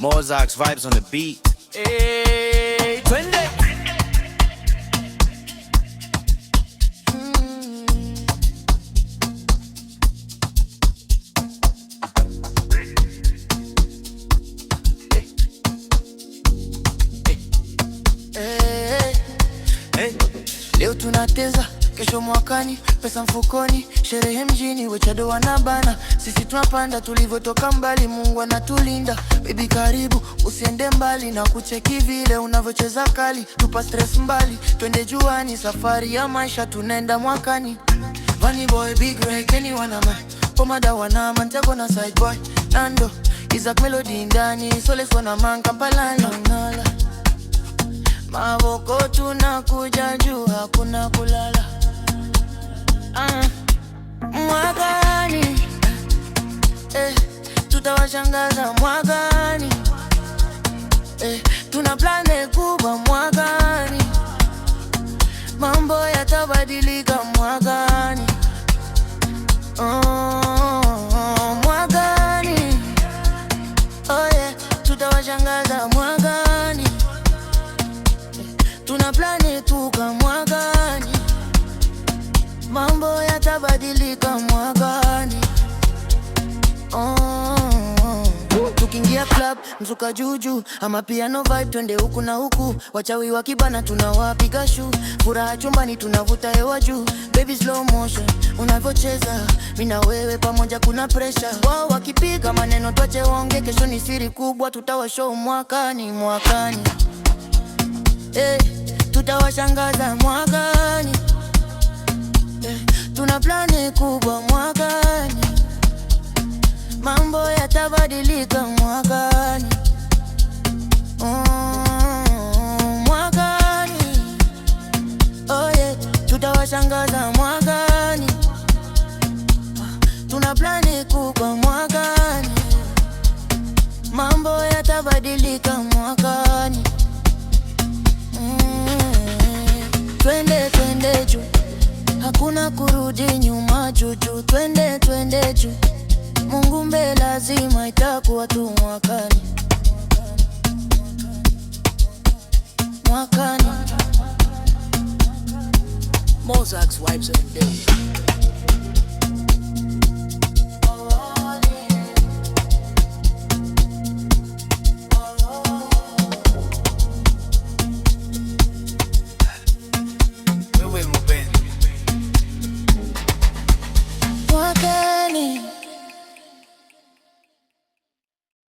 Mozax vibes on the beat. Hey, Eu tô na tesa. kesho mwakani, pesa mfukoni, sherehe mjini, wechado wanabana, sisi tunapanda tulivyotoka mbali, Mungu anatulinda. Bibi karibu, usiende mbali na kucheki vile unavyocheza kali, tupa stress mbali, twende juani, safari ya maisha tunaenda mwakani. Vani boy, big Ray, Kenny wanama, pomada wanama, Tego na side boy, Nando, Isaac Melody ndani, Sole sona man, Kampala nonala. Maboko tunakuja juu, hakuna kulala. kushangaza mwakani eh, tuna plane kubwa mwakani, mambo yatabadilika mwakani oh, mwakani oh yeah, tutawashangaza mwakani eh, tuna plane tuka mwakani, mambo yatabadilika mwakani oh, rap, mzuka juju ama piano vibe, twende huku na huku, wachawi wa kibana tunawapiga shu, furaha chumbani tunavuta hewa juu, baby slow motion unavyocheza, mina wewe pamoja, kuna pressure wao wakipiga maneno twache wonge kesho ni siri kubwa, tutawashow mwakani, mwakani hey, eh, tutawashangaza mwakani eh, tuna plani kubwa mwakani mambo yatabadilika mwakani kushangaza mwakani, tuna plani kubwa mwakani, mambo yatabadilika mwakani. Mm, twende twende juu, hakuna kurudi nyuma, juju twende twende juu, Mungu mbe lazima itakuwa tu mwakani, mwakani, mwakani. Mozart's wives, and day.